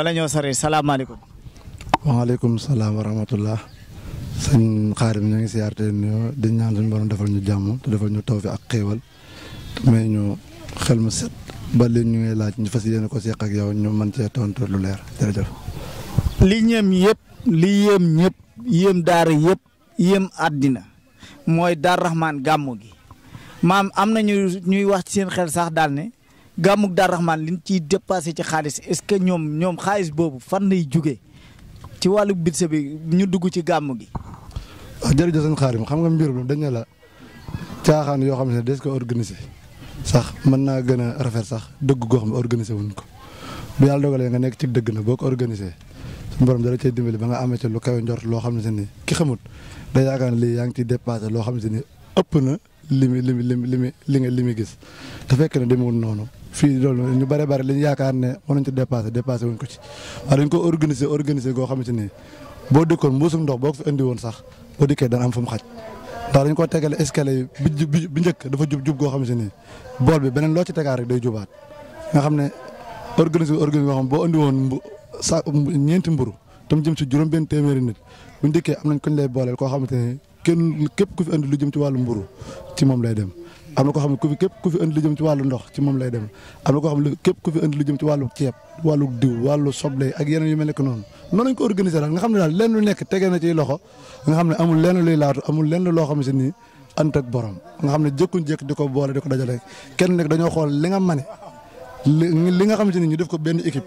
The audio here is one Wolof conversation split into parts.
bala ñoo sori salaamaaleykum. waaleykum salaam wa rahmatullah. sëñ Xaadim ñu ngi siyaarte nuyoo di ñaan suñu borom defal ñu jàmm te defal ñu tawfi ak xéewal may ñu xel mu set ba li ñu ngi laaj ñu fas yéene ko seq ak yow ñu mën cee tontu lu leer jërëjëf. li ñeem yëpp li yéem ñëpp yéem daara yëpp yéem àddina mooy Daaru Rahman gàmmu gi maam am na ñuy wax ci seen xel sax daal ne. gàmmug Daaru Rahman liñ ciy dépassé ci xaalis est-ce que ñoom ñoom xaalis boobu fan lay jugee ci wàllu budget bi ñu dugg ci gàmm gi. Ah, jërëjëf sëñ Xaarim xam nga mbir mi dañ ne la caaxaan yoo xam ne des ko organisé sax mën naa gën a rafet sax dëgg goo xam wuñ ko bu yàlla dogalee nga nekk ci dëgg na boo ko organisé suñu borom dara cay dimbali ba nga amee ci lu kawe njort loo xam ne ni ki xamut day yaakaar ne lii yaa ngi ciy dépassé loo xam ne ni ëpp na li mi li mi li mi li nga li mi gis te fekk na demewul noonu. fii loolu ñu bare bare li ñu yaakaar ne mënuñ ci dépassé dépassé wuñ ko ci waaye dañ ko organiser organiser goo xamante ni boo dëkkoon mbuusum ndox boo ko fi indi woon sax boo dikk dana am fu mu xaj ndax dañ ko tegale escalier yi bi bi njëkk dafa jub jub goo xamante ni bool bi beneen loo ci tegaat rek day jubaat nga xam ne organiser organiser goo xam boo indi woon mbu sa ñeenti mburu tam jëm ci juróom benn téeméeri nit buñ dikkee am nañ koñ lay booleel koo xamante ni kenn képp ku fi indi lu jëm ci wàllu mburu ci moom lay dem am na koo xam ne ku fi képp ku fi indi lu jëm ci wàllu ndox ci moom lay dem am na koo xam ne képp ku fi indi jëm ci wàllu ceeb wàllu diw wàllu soble ak yeneen yu mel nekk noonu noonu lañ ko organiser daal nga xam ne daal lenn lu nekk tegee ci loxo nga xam ne amul lenn luy laatu amul lenn loo xam si nii ant borom nga xam ne jëkkuñ jëkk di ko boole di ko dajale kenn nekk dañoo xool li nga mane li nga xam si ni ñu def ko benn équipe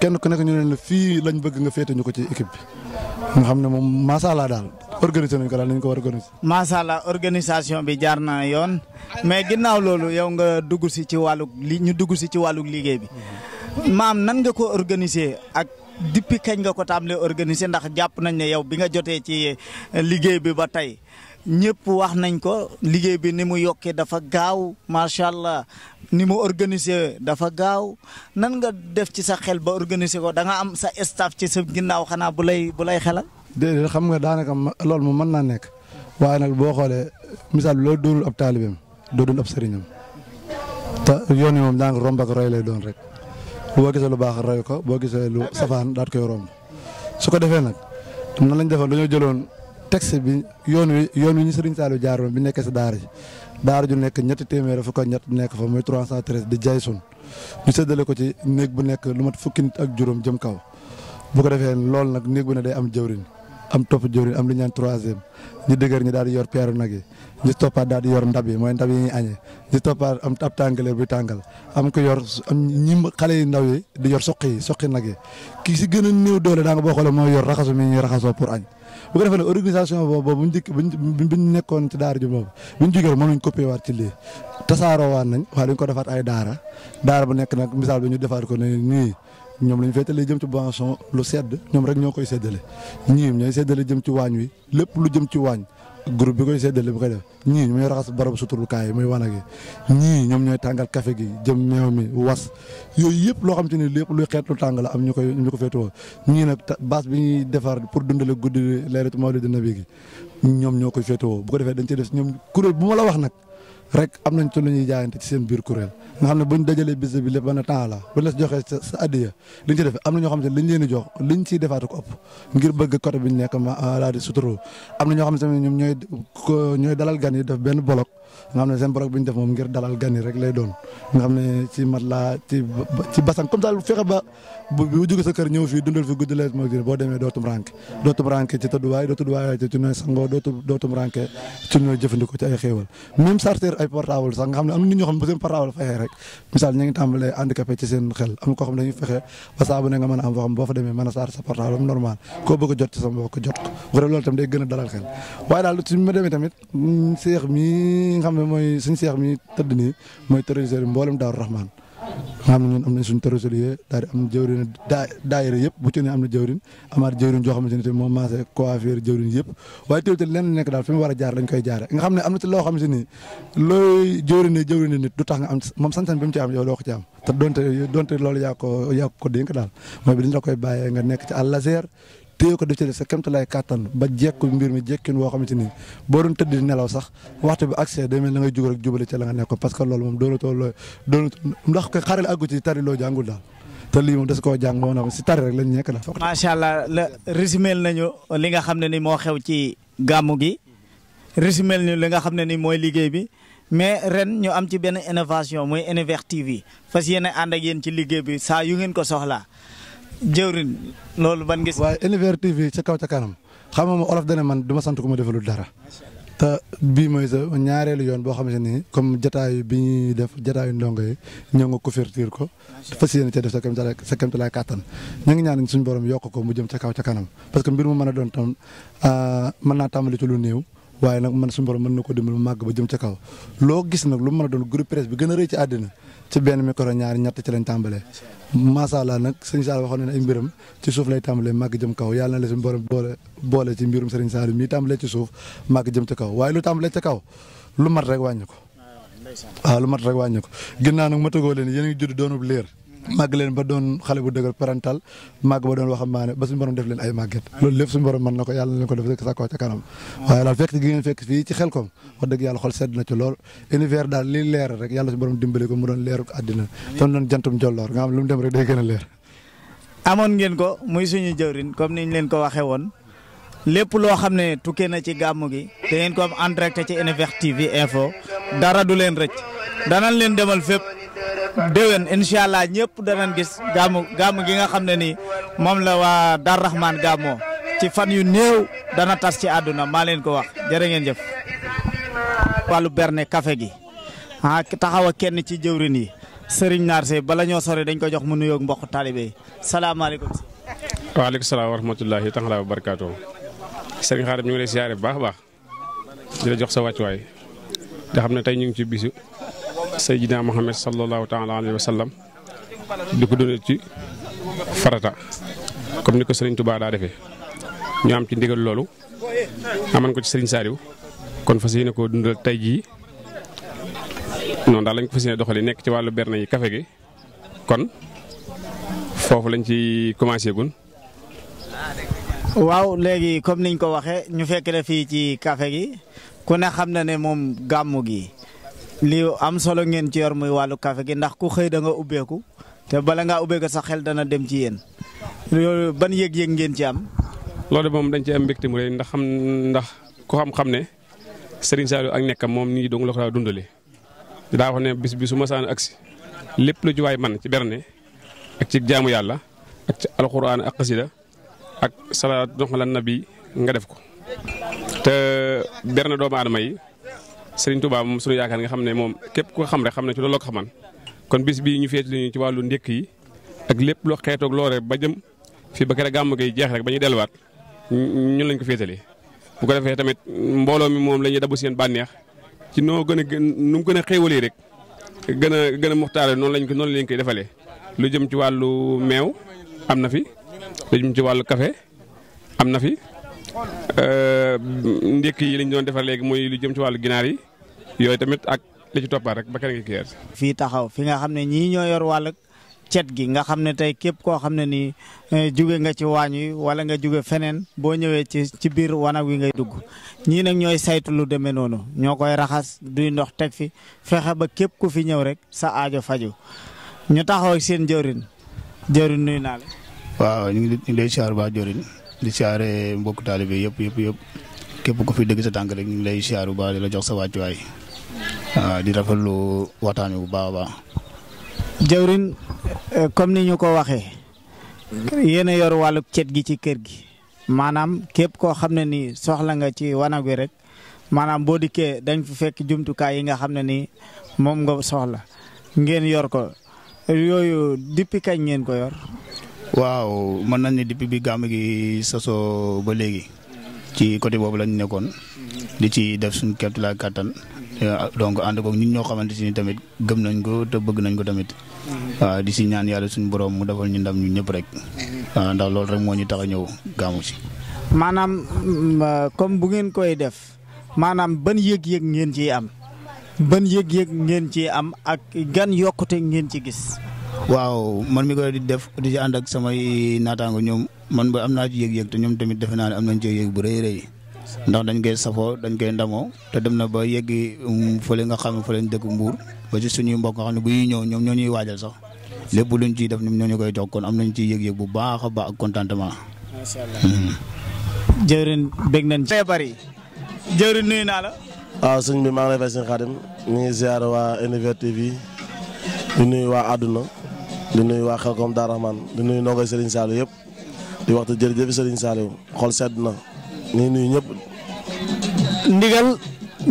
kenn ku nekk ñu ne fii lañ bëgg nga féete ñu ko ci équipe bi nga xam ne moom macha allah daal organiser nañ ko daal nañ ko war a organiser. allah organisation bi jaar na yoon mais ginnaaw loolu yow nga dugg si ci wàllu li ñu dugg si ci wàllu liggéey bi maam nan nga ko organiser ak depuis kañ nga ko tàmbalee organiser ndax jàpp nañ ne yow bi nga jotee ci liggéey bi ba tey. ñëpp wax nañ ko liggéey bi ni mu yokkee dafa gaaw macha allah ni mu organiser dafa gaaw nan nga def ci sa xel ba organiser ko da nga am sa staff ci sa ginnaaw xanaa bu lay bu lay xelal. déedéet xam nga daanaka lool moom mën naa nekk waaye nag boo xoolee misaal bi loolu doonul ab taalibeem doonul ab sëriñam te yoon yi moom daanaka romb ak roy lay doon rek boo gisee lu baax roy ko boo gisee lu safaan daat koy romb su ko defee nag nan lañ defoon dañoo jëloon texte bi yoon wi yoon wi ñu sëriñ Saliou jaaroon bi nekkee si daara ji daara ju nekk ñetti téeméer fukk ak ñett nekk fa muy 313 di jaay sun ñu séddale ko ci néeg bu nekk lu mat fukki nit ak juróom jëm kaw bu ko defee loolu nag néeg bu ne day am jëwriñ am topp jëwriñ am lu ñaan troisième ñu dëgër ñi daal di yor peeru nag yi ñu toppaat daal di yor ndab yi mooy ndab yi ñuy añee ñu toppaat am ab tàngale bu tàngal am ko yor am ñi xale yi ndaw yi di yor soqi yi soqi nag yi ki si gën a néew doole daa nga boo xoolee mooy yor raxasu mi ñuy raxasoo pour añ bu ko defee nag organisation boobu buñ dikk buñ nekkoon ci daara ji boobu buñ jógee mënuñ copier waat ci lii tasaaroo waat nañ waaye dañ ko defaat ay daara daara bu nekk nag misaal bi ñu defaat ko ne nii ñoom la ñu féetalee jëm ci boisson lu sedd ñoom rek ñoo koy séddale ñii ñooy séddale jëm ci waañ wi lépp lu jëm ci waañ groupe bi koy séddale bi koy def ñii ñooy raxas barabu suturlukaay yi muy wanag yi ñii ñoom ñooy tàngal café gi jëm meew mi was yooyu yëpp loo xam te ni lépp luy xeet lu am ñu koy ñu ko féetewoo ñii nag bâche bi ñuy defar pour dundale guddi leeratu mawlid nabi gi ñoom ñoo koy féetewoo bu ko defee dañ ci def ñoom kuréel bu ma la wax nag rek am nañ ci lu ñuy jaayante ci seen biir kuréel nga xam ne buñ dajalee bis bi lépp benn temps la bu la joxee sa sa addiya li ñu ci am na ñoo xam ne liñ leen di jox liñ ciy defaat ko ëpp ngir bëgg côté bi ñu nekk ma daal euh, di suturoo am na ñoo xam ne ñoom ñooy ñooy dalal gan yi def benn bolok nga xam ne seen borog bi basan comme ça fexe ba bu bu sa kër ñëw fii dundal fi guddi la moo dootum ranke dootum ranke ci tëdduwaay dootum waay dootum dootum ranke ci ne am na nit ñoo xel am koo xam ne fexe ba ne nga mën am foo xam boo fa demee mën a charge sa portable normal koo bëgg jot ci sa jot ko loolu tam day gën a dalal xel waaye daal su ma demee tamit seex mm, mi xam ne mooy suñ seex mi tëdd nii mooy trésorier yi mboolem Daaru Rahman nga xam ne ñun am nañ suñ trésorier daal di am jëwrin daa daayira yëpp bu ci ne am na jëwrin amaat jëwrin joo xamante ne te a jaar lañ koy jaare nga xam ne am na ci loo xamante ni looy jëwrin jëwrin moom sañ-sañ bi mu ci am doo ko ci te donte loolu yaa ko yaa ko daal mooy bi dañ la koy bàyyee nga nekk ci àllaseer téye ko def ci sa kéemtalaay kàttan ba jekku mbir mi jekkin woo xamante ni boo doon tëdd di sax waxtu bi accès day mel na ngay jugal rek jubale ca la nga nekkoon parce que loo doonatoo ndax ko xaral àggu ci tari lii moom des koo jàng si tari rek lañ nekk daal. macha allah la résumé nañu li nga xam ne ni moo xew ci gàmmu gi résumé nañu li nga xam ne ni mooy liggéey bi. mais ren ñu am ci benn innovation mooy Univers yi fas yéene ànd ak yéen ci liggéey bi saa yu ngeen ko soxlaa jëwrin loolu ban gis. waaye Univers TV ca kaw ca kanam xam nga olof ne man du sant ku ma defalul dara. te bii mooy sa ñaareelu yoon boo xamante ni comme jataayu bi ñuy def jataayu ndongo yi ñëw nga couverture ko fas yéene ca def sa kéemtalaay sa kéemtalaay kàttan ñu ngi ñaan suñu borom yokk ko mu jëm ca kaw ca kanam parce que mbir mu mën a doon tam ah, mën naa tàmbali ci lu néew waaye nag man suñu borom mën na ko dimbali mu màgg ba jëm ca kaw. loo gis nag lu mu mën a doon groupe presse bi gën a rëy ci àddina ci benn micro ñaari ñett ci lañ tàmbalee macha allah nag sëñ Sall waxoon na ne mbiram ci suuf lay tàmbalee màgg jëm kaw yàlla na la suñu borom boole boole ci mbirum sëriñ Sall mii tàmbalee ci suuf màgg jëm ci kaw waaye lu tàmbalee ca kaw lu mat rek wàññi ko ah, waaw ah, lu mat rek wàññi ko ginnaaw nag ma tëggoo leen yéen a ngi judd doonub leer mag leen ba doon xale bu dëgër parental màgg ba doon waxambaane ba suñu borom def leen ay màgget loolu lépp suñu borom mën na ko yàlla na leen ko def rek sa kaw ca kanam waaye daal fekk gi ngeen fekk fii ci xel kom wax dëgg yàlla xol sedd na ci lool univers daal li leer rek yàlla suñu borom dimbali ko mu doon leeru àddina tam doon jantum jolloor nga xam lu dem rek day gën leer amoon ngeen ko muy suñu jëwrin comme niñ leen ko waxee woon lépp loo xam ne tukkee na ci gàmmu gi da ko am en direct ci univers TV déwén incha allah ñëpp danañ gis gàmmu gàmmu gi nga xam ne nii moom la waa Dar Rahman gàmmoo ci fan yu néew dana tas ci àdduna maa leen ko wax jërë ngeen jëf. wàllu berne kafe gi ah taxaw a kenn ci jëwrin yi sëriñ Naar Seye bala ñoo sori dañ ko jox mu nuyoog mbokk taalibe yi salaamaaleykum. waaleykum salaam wa rahmatullahi taala wa barakaatu. Serigne ñu ngi lay siyaare bu baax baax di la jox sa wàccuwaay te xam ne tey ñu ngi ci bisu. Seydina Muhammad sallallahu taala alayhi wa sallam di ko dundal ci farata comme ni ko Serigne Touba daa defee ñu am ci ndigal loolu aman ko ci Serigne Saliou kon fas yéene koo dundal tey jii noon daal lañ ko fas yéene doxalee nekk ci wàllu berne yi kafe gi kon foofu lañ ci commencé gun. waaw léegi comme niñ ko waxee ñu fekk la fii ci kafe gi ku ne xam na ne moom gàmmu gi. li am solo ngeen ci yor muy wàllu café gi ndax ku xëy da nga ubbeeku te bala ngaa ubbeeku sax xel dana dem ci yéen loolu ban yëg-yëg ngeen ci am. loole moom dañ ci am mbégte mu rëy ndax xam ndax ku xam-xam ne Serigne Saliou ak nekkam moom nii dong la ko daa dundalee wax ne bis bi su ma saan agsi lépp lu ci waay man ci berne ak ci jaamu yàlla ak ci alxuraan ak xasida ak salaat dox la nabi nga def ko te berne doomu aadama yi. Serigne Touba moom sunu yaakaar nga xam ne moom képp ku xam rek xam ne ci loolu la ko xaman kon bis bii ñu feet li ñu ci wàllu ndékk yi ak lépp loo xeetoog loore ba jëm fii ba kere gàmm gi jeex rek ba ñuy delluwaat ñun lañ ko féetali bu ko defee tamit mbooloo mi moom lañuy ñuy dabu seen bànneex ci noo gën a gën nu gën a xéewalee rek gën gën a noonu lañ ko noonu lañ koy defalee lu jëm ci wàllu meew am na fi lu jëm ci wàllu kafe am na fi Euh, ndékk yi lañ doon defar léegi mooy lu jëm ci wàllu ginaar yi yooyu tamit ak li ci toppaat rek ba keneen ki yees fii taxaw fi nga xam ne ñii ñoo yor wàll cet gi nga xam ne tey képp koo xam ne nii eh, jóge nga ci waañ wi wala nga jóge feneen boo ñëwee ci ci biir wanag wi ngay dugg ñii nag ñooy saytu lu demee noonu ñoo koy raxas duy ndox teg fi fexe ba képp ku fi ñëw rek sa aajo faju ñu taxaw seen jëwrin jëwrin nuyu naa la waaw ñu ngi lay siyaar ba jëwrin di siyaare mbokk taalibe yëpp yëpp yëpp képp ko fi dëgg sa tànk rek ñu ngi lay siyaaru ba di la jox sa wàccuwaay waaw ah, di rafetlu waxtaan wi bu baax a baax. jawrin eh, comme ni ñu ko waxee. yéen a yor wàllu cet gi ci kër gi. maanaam képp koo xam ne nii soxla nga ci wanag wi rek maanaam boo dikkee dañ fi fekk jumtukaay yi nga xam ne nii moom nga soxla ngeen yor ko yooyu depuis kañ ngeen ko yor. waaw mën nañ ne depuis bi gàmm gi sasoo ba léegi ci côté boobu lañu nekkoon di ci def suñ képp la kàttan donc ànd koog nit ñoo xamante ni tamit gëm nañ ko te bëgg nañ ko tamit di si ñaan yàlla suñu borom mu defal ñu ndam ñu ñëpp rek ndax loolu rek moo ñu tax a ñëw gàmmu ci maanaam comme bu ngeen koy def maanaam ban yëg-yëg ngeen ci am ban yëg-yëg ngeen ciy am ak gan yokkute ngeen ci gis. waaw man mi koy di def di ci ak samay naataango ñoom man ba am naa ci yëg-yëg te ñoom tamit defe naa ne am nañ ci yëg bu rëy rëy ndax dañ koy safoo dañ koy ndamoo te dem na ba yeggi um, fële nga xam ne fële leen dëkk Mbuur ba ci suñuy mbok nga xam ne bu ñuy ñëw ñoom ñoo ñuy waajal sax lépp luñ ciy def ñoom ñoo ñu koy jox kon am nañ ci yëg-yëg bu baax a baax ak contentement. macha allah hmm. jëwrin bég nañ ci bari jëwrin nuyu naa la. waaw sëñ bi maa ngi lay fay sëñ Xaadim waa Univers TV di nuyu waa àdduna du nuyu waa Xelkom Daaru Rahman di nuyu ndongoy Serigne Saliou yëpp di waxtu jërëjëf Serigne Saliou xol sedd na nii nuyu ñëpp. ndigal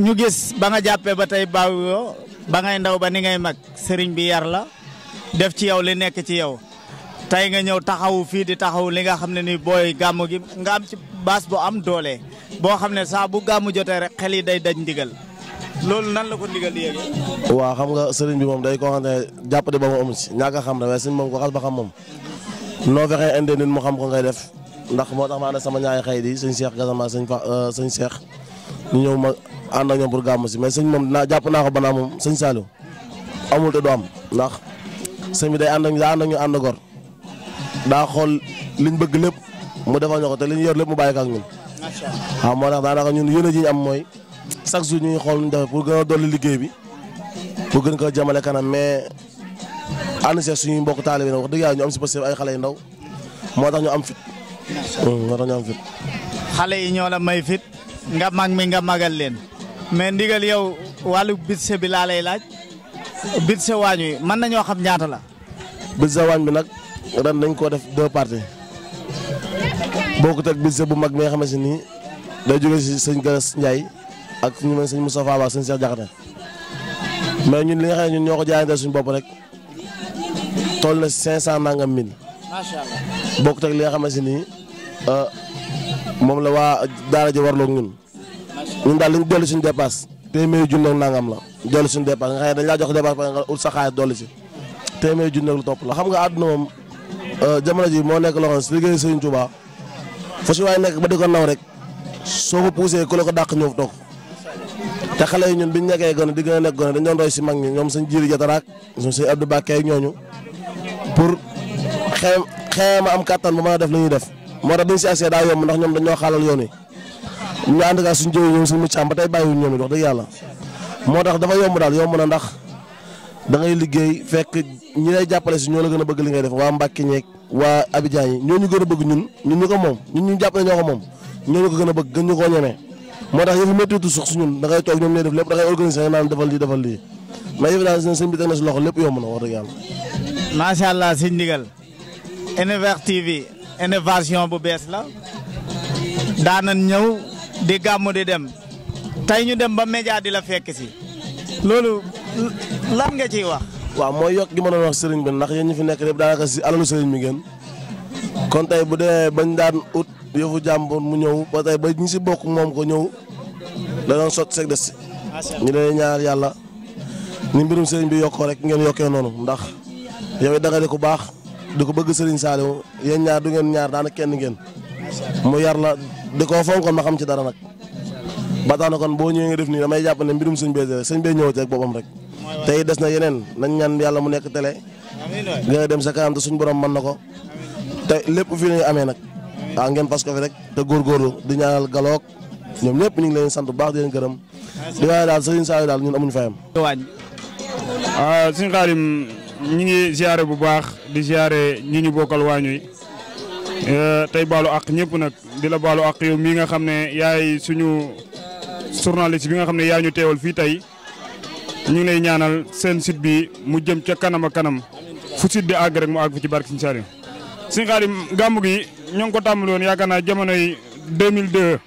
ñu gis ba nga jàppee ba tey baaw yoo ba ngay ndaw ba ni ngay mag sëriñ bi yar la def ci yow li nekk ci yow tey nga ñëw taxawu fii di taxawu li nga xam ne ni booy gàmmu gi nga am ci baas bu am doole boo xam ne saa bu gàmmu jotee rek xel yi day daj ndigal. loolu nan la waaw xam nga sëriñ bi moom day koo xam ne jàpp de ba mu amu ci ñàkk xam ne waaye sëriñ moom ko xas ba xam moom noo fexee indi nit mu xam ko ngay def ndax moo tax ma ànd sama ñaari xëy di sëñ Cheikh Gassama sëñ fa euh, sëñ Cheikh ñu ñëw ma ànd ak ñoom pour gàmm si mais sëñ moom dinaa jàpp naa ko ba naa moom sëñ Saliou amul te du am ndax sëñ bi day ànd ak daa ànd ak ñu ànd gor daa xool liñ bëgg lépp mu defal ñu ko te liñ yor lépp mu bàyyi ko ak ñun. waaw moo tax daanaka ñun yéen a ji ñu am mooy chaque jour ñu ngi xool ñu def pour gën a dolli liggéey bi pour gën ko jëmale kanam mais ànd see suñuy mbokk taalibe wax dëgg yàlla ñu am si passé ay xale yu ndaw moo tax ñu am fit. xale yi ñoo la may fit nga mag mi nga magal leen mais ndigal yow wàllu budget bi laa lay laaj budget waañ wi mën nañoo xam ñaata la. budget waañ bi nag ren dañ koo def deux parties boo ko teg budget bu mag mi nga xamante ni day jógee si sëñ Galas Ndiaye. ak ñu mel sëñ Moustapha Ba ak sëñ mais ñun li nga xam ne ñun ñoo ko jaayanteel suñu bopp rek toll na 500 nangam mille. macha allah bokkut li nga xamante ni euh, moom la waa daara ji war ak ñun. ñun daal li ñu dolli suñu dépasse téeméeri junne ak nangam la dolli suñu dépasse nga xam ne dañ laa jox dépasse ba nga ut sa xaalis dolli si téeméeri junne ak lu topp la xam nga àdduna moom euh, jamono ji moo nekk loxo si liggéey Sëriñ Tuubaa fa si waay nekk ba di ko naw rek soo ko poussé ku la ko dàq ñëw toog. te xale yi ñun bi nekkee gone di gën a nekk gone dañ doon roy si mag ñi ñoom sëñ Jiiri Jataraak ñoom sëñ Abdou Bakke ak ñooñu pour xee xee ma am kattan bu mën def li ñuy def moo tax biñ si agsee daa yomb ndax ñoom dañoo xaalal yoon yi ñu ànd ak suñu jëw ñoom suñu muccaam ba tey bàyyiwuñ ñoom yàlla moo tax dafa yomb daal yomb na ndax da liggéey fekk ñi lay jàppale si ñoo la gën a bëgg li ngay def waa Mbàkke ñeeg waa Abidjan yi ñoo gën bëgg ñun ñun ñu ko moom ñun ñu jàppale ñoo ko moom ñoo ñu ko gën a bëgg gën koo ñemee moo tax yëf yi méttiwutu suux si ñun da ngay toog ñoom ñooy def lépp da ngay organiser defal lii defal lii mais yëf daal sëñ bi teg na si loxo lépp yomb na wax dëgg yàlla. macha allah si ndigal. Univers TV bu bees la. daanan ñëw di gàmmu di dem. tey ñu dem ba média di la fekk si. loolu lan nga ciy wax. waaw mooy yokk gi ma doon wax sëriñ bi ndax yéen ñi fi nekk lépp daanaka si alalu sëriñ bi ngeen. kon tey bu dee bañ daan ut yëfu jàmbur mu ñëw ba tey ba ñu si bokk moom ko ñëw da sot sotti sek des ñu leen ñaar yàlla ni mbirum sëriñ bi yokkoo rek ngeen yokkee noonu ndax yow da nga di ko baax di ko bëgg sëriñ Saliou yéen ñaar du ngeen ñaar daana kenn ngeen mu yar la di koo fonkoon ma xam ci dara nag ba tax kon boo ñëwee nga def nii damay jàpp ne mbirum sëñ bee sëñ bee ñëw ci ak boppam rek i des na yeneen nañ ñaan yàlla mu nekk télé nga dem sa kanam te mën na ko tey lépp fii la amee nag waaw ngeen parce que fi rek te góorgóorlu di ñaanal galoog ñoom ñëpp ñu ngi leen sant bu baax di leen gërëm di waaye daal sëriñ Saliou daal ñun amuñu fayam. waaw suñu xaarim ngi ziare bu baax di ziare ñi ñu bokkal waañu yi eh, tey baalu ak ñëpp nag di la baalu àq yow mii nga xam ne yaay suñu journaliste bi nga xam ne yaa ñu teewal fii tey ñu ngi lay ñaanal seen site bi mu jëm ca kanam kanam fu site bi àgg rek mu àgg fi ci barke Sëriñ Saliou Sëñ Xaadim gàmmu gi ñoo ngi ko tàmbali woon yaakaar naa jamonoy 2002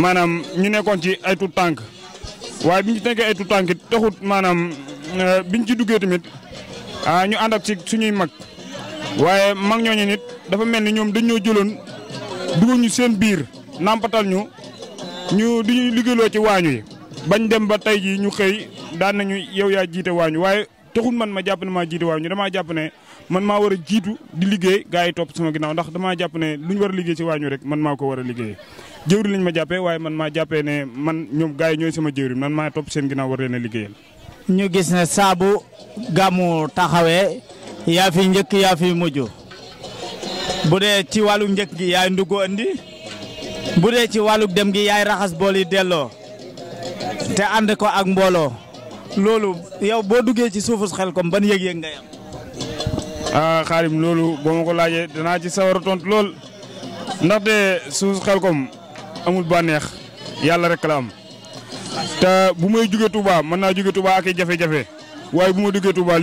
maanaam ñu nekkoon ci ay tuut tànk waaye bi ñu ci nekkee ay tuut tànk taxut maanaam euh, biñ ci duggee tamit ah ñu ànd ak suñuy mag waaye mag ñooñu nit dafa mel ni ñoom dañoo jëloon dugg ñu seen biir nampatal ñu ñu di ñu liggéeyloo ci waañu yi bañ dem ba tey jii ñu xëy daan nañu yow yaa jiite waañu waaye taxul man ma jàpp ne maa jiite waañu damaa jàpp ne. man maa war a jiitu di liggéey gaa yi topp sama ginaaw ndax damaa jàpp ne lu war a liggéey ci waañu rek man maa ko war a liggéey jëwri lañ ma jàppe waaye man maa jàppee ne man ñoom gars yi ñooy sama jëwri man maa topp seen ginnaaw war leen a liggéeyal ñu gis ne saabu gàmmu taxawee yaa fi njëkk yaa fi mujj bu dee ci wàllu njëkk gi yaay ndugg indi bu dee ci wàllu dem gi yaay raxas bool yi delloo te ànd ko ak mbooloo loolu yow boo duggee ci suufu xel kom ban yëg-yëg ngay ah xaarim loolu boo ma ko laajee danaa ci sawar a tontu lool ndaxte suuf Xelkom amul bànneex yàlla rek la am te bu may jugee Touba mën naa jugee Touba ak i jafe-jafe waaye bu ma duggee Touba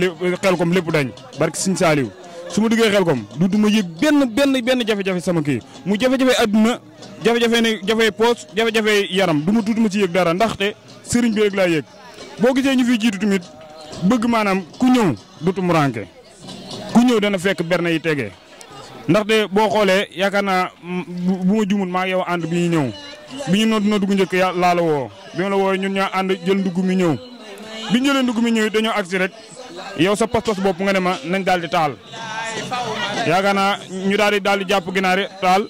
Xelkom lépp dañ barki Sëñ Saaliw su ma duggee Xelkom du du ma yëg benn benn benn jafe-jafe sama kii mu jafe-jafe adduna jafe-jafe ne jafe poos jafe-jafe yaram du ma tuuti ma ci yëg dara ndaxte sëriñ bi rek laa yëg boo gisee ñu fi jiitu bëgg maanaam ku ñëw du tum ku ñëw dana fekk berne yi tegee ndaxte boo xoolee yaakaar naa bu ma jumul maa yow ànd bi ñu ñëw bi ñu noot na dugg njëkk yàlla laa la woo bi ma la woo ñun ñoo ànd jël ndugg mi ñëw bi ñu jëlee ndugg mi ñëw dañoo agsi rek yow sa pas-pas bopp nga ne ma nañ daal di taal yaakaar naa ñu daal di daal di jàpp ginaar taal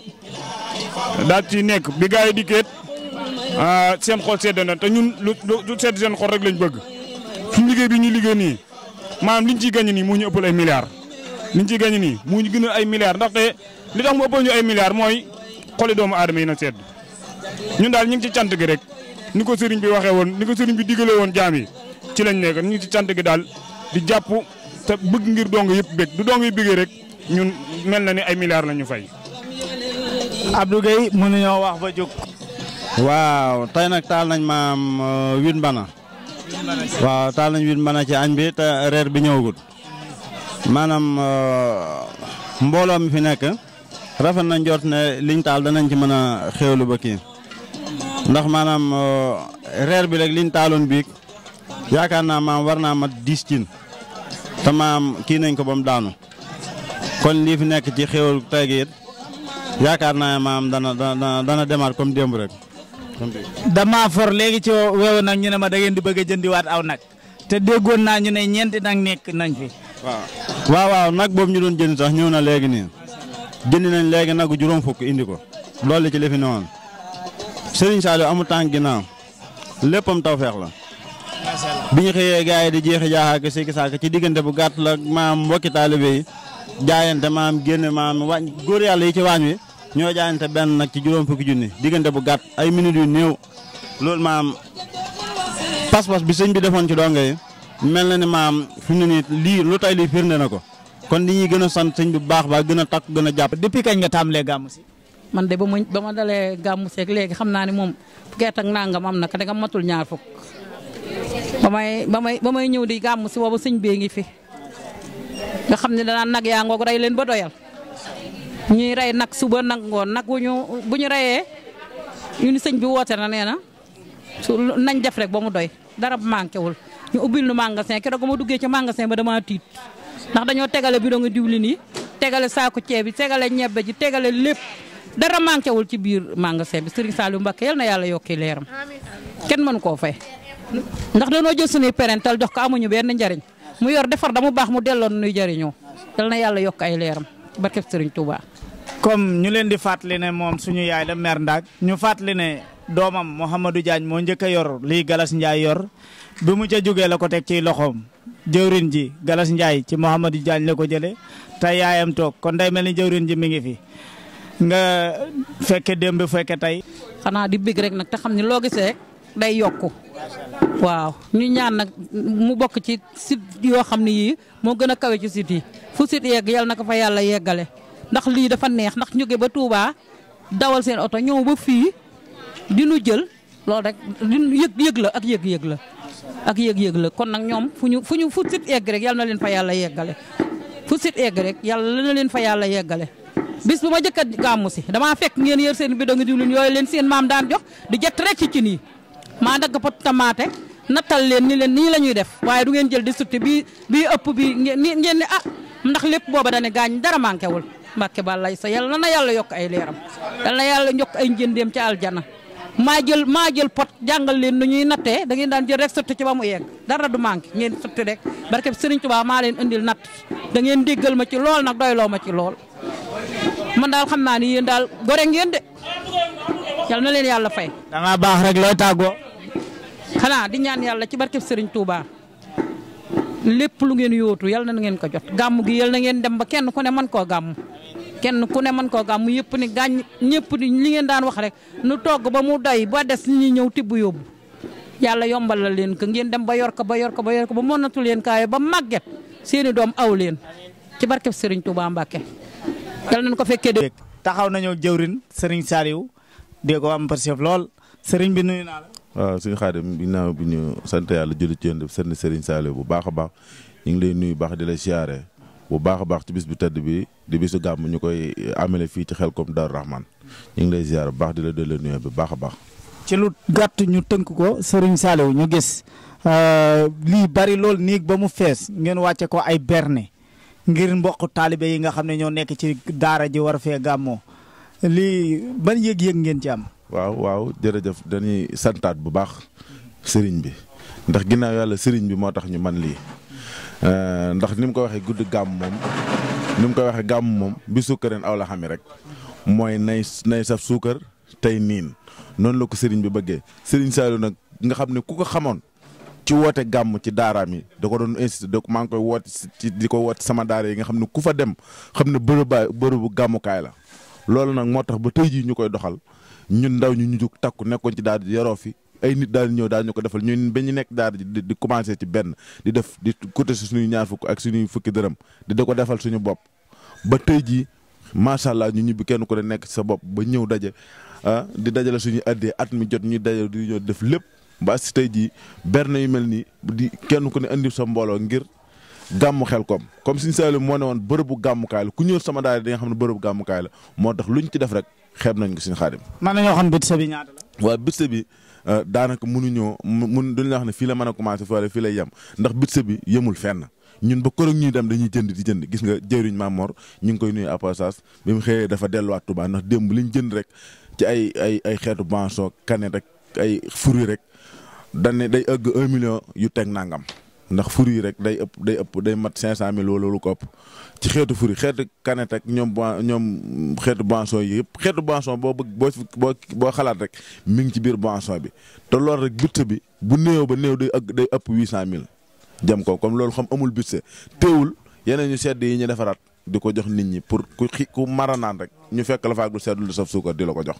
daal ci nekk bi gars yi dikkeet ah, seen xool sedd na te ñun lu sedd seen xol rek lañ bëgg suñ liggéey bi ñu liggéey nii maanaam ñu ci gagné nii mu ñu ëppal ay milliards. liñ ci gañe nii mu ñu gënal ay milliards ndaxte li tax mu ëppal ay milliards mooy xoli doomu adama yi na sedd ñun daal ñu ngi ci cant gi rek ni ko sëriñ bi waxee woon ni ko sëriñ bi digale woon jaami ci lañ nekk ñu ci cant gi daal di jàpp te bëgg ngir dong yëpp bëgg du dong yi bëggee rek ñun mel na ni ay milliards lañu ñu fay. Abdou Gueye mënuñoo wax ba jóg. waaw tey nag taal nañ maam euh, win mbana. waaw taal nañ win mbana ci añ bi te reer bi ñëwagul. maanaam euh, mbooloo mi fi nekk rafet na njort ne liñ taal danañ ci mën a xéewlu ba kii ndax maanaam euh, reer bi rek liñ taaloon biig yaakaar naa maam war naa mat dix cin te maam kii nañ ko ba mu daanu kon lii fi nekk ci xéewal tey yaakaar naa maam dana dana dana demaat comme démb rek. damaa for léegi ci weewu nag ñu ne ma da ngeen di bëgg a jëndiwaat aw nag te déggoon naa ñu ne ñeenti nag nekk nañ fi. waaw waaw nag boobu ñu doon jënd sax ñëw na léegi nii jënd nañ léegi nagu juróom fukk indi ko loolu ci li fi newoon Serigne Saliou amul tànk ginnaaw léppam tawfeex la. bi ñu xëyee gars yi di jeexi jaaxaak sikki saak ci diggante bu gàtt la maam mbokki taalibe yi jaayante maam génn maam wàññ góor yàlla yi ci waañ wi ñoo jaayante benn nag ci juróom fukki junni diggante bu gàtt ay minutes yu néew loolu maam pas-pas bi sëñ bi defoon ci donga yi mel na ni maam fu mu ne nii lii lu tay lii firnde na ko kon li ñuy gën a sant sëñ bu baax baax gën a takk gën a jàpp. depuis kañ nga tàmbalee gàmmu si. man de ba ma ba ma dalee gàmmu seeg léegi xam naa ne moom fukki at ak nangam am na ka danga matul ñaar fukk ba may ba may ba may ñëw di gàmmu si ba sëñ bee ngi fi nga xam ne danaa nag yaa ngoog rey leen ba doyal ñuy rey nag suba nag ngoon nag bu ñu bu ñu reyee ñu ni sëñ bi woote na nee na su nañ def rek ba mu doy dara manqué wul ñu ubbil nu magasin keroog ma duggee ca magasin ba dama tiit ndax dañoo tegale bidon nga diwlin yi tegale saaku ceeb bi tegale ñebbe ji tegale lép dara manqué wul ci biir magasin bi Serigne Saliou Mbacké yal na yàlla yokki leeram kenn mënu koo fay ndax da dañoo jël suñuy parental jox ko amuñu benn njariñ mu yor defar da mu baax mu delloon nuy jariñoo yal na yàlla yokk ay leeram barkeb Serigne Touba. comme ñu leen di doomam Mouhamadou jaañ moo njëkk a yor lii Galas Ndiaye yor bi mu ca jógee la ko teg ci loxoom jëwrin ji Galas Ndiaye ci Mouhamadou Diagne la ko jëlee te yaayam toog kon day mel ni jëwrin ji mu ngi fi nga fekke démb fekke tey. xanaa di bég rek nag te xam ne loo gisee day yokku waaw ñu ñaan nag mu bokk ci site yoo xam ne yii moo gën a kawe ci site yi fu site yegg yàlla na ko fa yàlla yeggale ndax lii dafa neex ndax ñu ba tuubaa dawal seen oto ñëw ba fii. di nu jël loolu rek di yëg yëg la ak yëg yëg la ak yëg yëg la kon nag ñoom fu ñu fu ñu fu sit egg rek yàlla na leen fa yàlla yeggale fu sit egg rek yàlla na leen fa yàlla yeggale bis bu ma jëkk a gàmmu si damaa fekk ngeen yër seen bidon ngi diwlin yooyu leen seen maam daan jox di jett rek ci cin yi maa dagg pot tamaate nattal leen ni leen nii la ñuy def waaye du ngeen jël di sutti bii bii ëpp bii ngeen ni ah ndax lépp booba dane gaañ dara manqué wul mbàkke bàllay sa yàlla na yàlla yokk ay leeram yàlla na yàlla yokk ay jëndeem ci jana maa jël pot jàngal leen nu ñuy nattee da ngeen daan jël rek sotti ci ba mu yegg dara du manqué ngeen sotti rek barke Serigne Touba maa leen indil natt dangeen ngeen déggal ma ci lool nag doyloo ma ci lool. man daal xam naa ni yéen daal gore ngeen de yal na leen yàlla fay. da baax rek looy tàggoo. xanaa di ñaan yàlla ci barke Serigne Touba lépp lu ngeen yóotu yal na ngeen ko jot gàmm gi yal na ngeen dem ba kenn ku ne mën koo gàmm. kenn ku ne mën koo gàmm mu yëpp ni gaañ ñëpp ni li ngeen daan wax rek nu toog ba mu doy ba des li ñëw ñëw bu yóbbu yàlla yombal la leen ko ngeen dem ba yor ko ba yor ko ba yor ko ba mënatu leen kaayo ba màgget seeni doom aw leen ci barkeb Serigne Touba Mbacke yal nañ ko fekkee dé taxaw nañoo jëwrin Serigne Saliou dégg ko am pasif lool seriñ bi nuyu naa la waaw suñu xaadim ginnaaw bi ñu sant yàlla jëli ci yéen def Serigne Saliou bu baax a baax ñu ngi lay nuyu baax di la siyaare bu baax a baax ci bis bu tedd bi di bisu gàmm ñu koy eh, amele fii ci xel Xelcom Daaru Rahman ñu ngi lay ziar bu baax di la delloo nuyoo bu baax a baax. ci lu gàtt ñu tënk ko Serigne Saliou ñu gis euh, lii bari lool néeg ba mu fees ngeen wàcce ko ay berni ngir mbokk taalibe yi nga xam ne ñoo nekk ci daara ji war fee gàmmoo lii ba yëg-yëg ngeen ci am. waaw waaw jërëjëf dañuy santaat bu baax Serigne bi ndax ginnaaw yàlla Serigne bi moo tax ñu man lii. Euh, ndax ni mu ko waxee gudd gàmm moom ni mu koy waxee gàmm moom bi sukkareen aw la xami rek mooy nay nay saf suukar tey niin noonu la ko sëriñ bi bëggee sëriñ Saliou nag nga xam ne ku ko xamoon ci woote gàmm ci daaraam yi da ko doon insisté da maa ngi koy woote ci di ko woote sama daara yi nga xam ne ku fa dem xam ne bërëb bërëbu gàmmukaay la loolu nag moo tax ba tey jii ñu koy doxal ñun ndaw ñu ñu jug takku nekkoon ci daal yoroo yaroo fi ay nit daal ñëw daal ñu ko defal ñun ba ñu nekk daal di di commencé ci benn di def di côté suñuy ñaar fukk ak suñuy fukki dërëm di da ko defal suñu bopp ba tey jii macha allah ñu ñibbi kenn ku ne nekk sa bopp ba ñëw daje ah di dajale suñu addee at mi jot ñu dajale di ñëw def lépp ba si tey jii berne yu mel nii di kenn ku ne andi sa mbooloo ngir gàmmu xel Xelkom comme suñu Saalum moo ne woon bërëbu gàmmukaay la ku ñëw sama daal di nga xam ne bërëbu gàmmukaay la moo tax luñ ci def rek nañ ko suñu xaadim. Euh, daanaka mënuñoo mun duñ la wax ne fii la mën a commencé foole fii lay yem ndax budget bi yemul fenn ñun ba koroog ñuy dem dañuy jënd di jënd gis nga jëriñ Mamor ñu ngi koy nuyu apasas bi mu xëyee dafa delluwaat Touba ndax démb liñ jënd rek ci ay ay ay xeetu banso kanet rek ay furi rek dañ day ëgg un million yu teg nangam ndax furi yi rek day ëpp day ëpp day mat cinq cent mille wala lu ko ëpp ci xeetu furi xeetu canette ñoom ñoom ñoom xeetu boisson yi yëpp xeetu boisson boo bëgg boo boo xalaat rek mi ngi ci biir boisson bi te loolu rek budget bi bu néew ba néew day ëpp day ëpp huit cent mille jëm ko comme loolu xam amul budget teewul yeneen ñu sedd yi ñu defaraat di ko jox nit ñi pour ku xi ku naan rek ñu fekk la faak lu seddul di saf suukar di la ko jox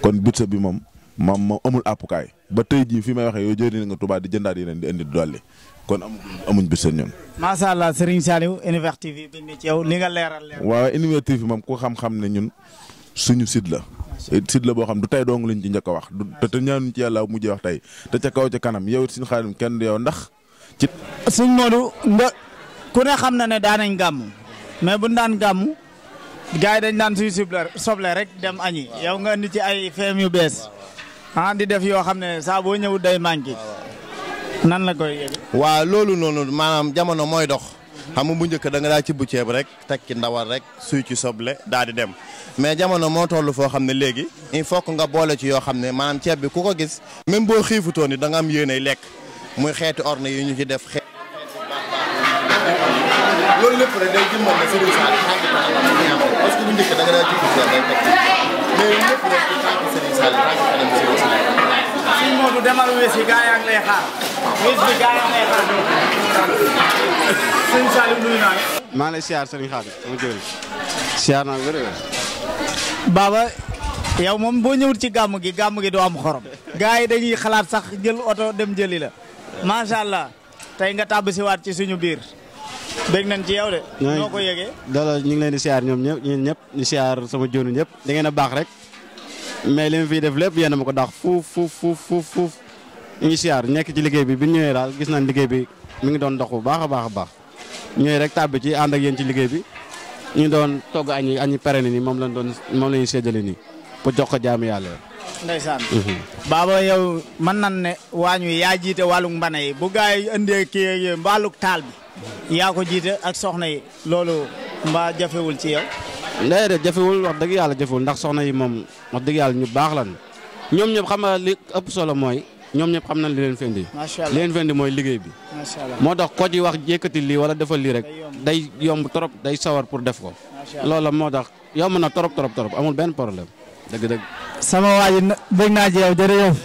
kon budget bi moom ma ma amul àppukaay ba tey jii fi may waxee yow jëriñ nga Touba di jëndaat yeneen di indi dolli kon amuñ amuñ bés ñun. macha allah Serigne Saliou Univers TV bi ci yow li nga leeral leeral. waaw Univers TV moom ku xam-xam ne ñun suñu site la. site la boo xam du tey dong lañ ci njëkk wax du te ñaanuñ ci yàlla mujjee wax tey te ca kaw ca kanam yow it suñu xaalim kenn du yow ndax. ci suñ Modou nga ku ne xam na ne daan nañ gàmm mais buñ daan gàmm gars yi dañ daan suñu soble rek dem añi yow nga indi yu bees. ah di def yoo xam ne saa boo ñëwut day manqué. nan la koy yëg. waaw loolu noonu maanaam jamono mooy dox. Hmm. xam nga bu njëkk da nga daa ci bu ceeb rek teg ci ndawal rek suy ci soble daa di dem mais jamono moo toll foo xam ne léegi il faut que nga boole ci yoo xam ne maanaam ceeb bi ku ko gis même boo xiifutoon ni da am yéenay lekk muy xeeti orne yi ñu ci def xeet. daa ci ceeb rek mais lay xaar. wés bi gaa yaa nuyu naa maa ngi lay siyaar Serigne Xaar siyaar naa wér wér. Baba yow moom boo ñëwul ci gàmm gi gàmm gi doo am xorom. gaa yi dañuy xalaat sax jël oto dem jëli la. macha allah tey nga tàbb si waat ci suñu biir. dégg nañ ci yow de. noo ko yëgee loolu ñu ngi leen di siyaar ñoom ñëpp ñun siyaar sama joonu ñëpp da ngeen baax rek mais li def lépp yéen ma ko daax fuuf fuuf fuuf fuuf fuuf siyaar nekk ci liggéey bi bi ñëwee daal gis nañ liggéey bi mu ngi doon dox bu baax a baax a baax ñëwee rek tàbbi ci ànd ak ci liggéey bi ñu doon togg añi añi pere ni moom lañ doon moom la ñuy séddale jox ko jaamu yàlla ndeysaan mhm. baaba yow mën nan ne waañu yaa jiite wàlluk mbana yi bu gaay yi indee kii wàlluk taal bi yaa ko jiite ak soxna yi loolu mbaa jafewul ci yow. ndey de jafewul wax dëgg yàlla jafewul ndax soxna yi moom wax dëgg yàlla ñu baax lan ñoom ñëpp xam nga li ëpp solo mooy ñoom ñëpp xam nañ li leen fendi li leen fendi mooy liggéey bi moo tax ko ci wax yëkkati lii wala defal lii rek day yomb trop day sawar pour def ko loola moo tax yomb na trop trop trop amul benn problème dëgg dëgg sama waa bëgg naa ci yow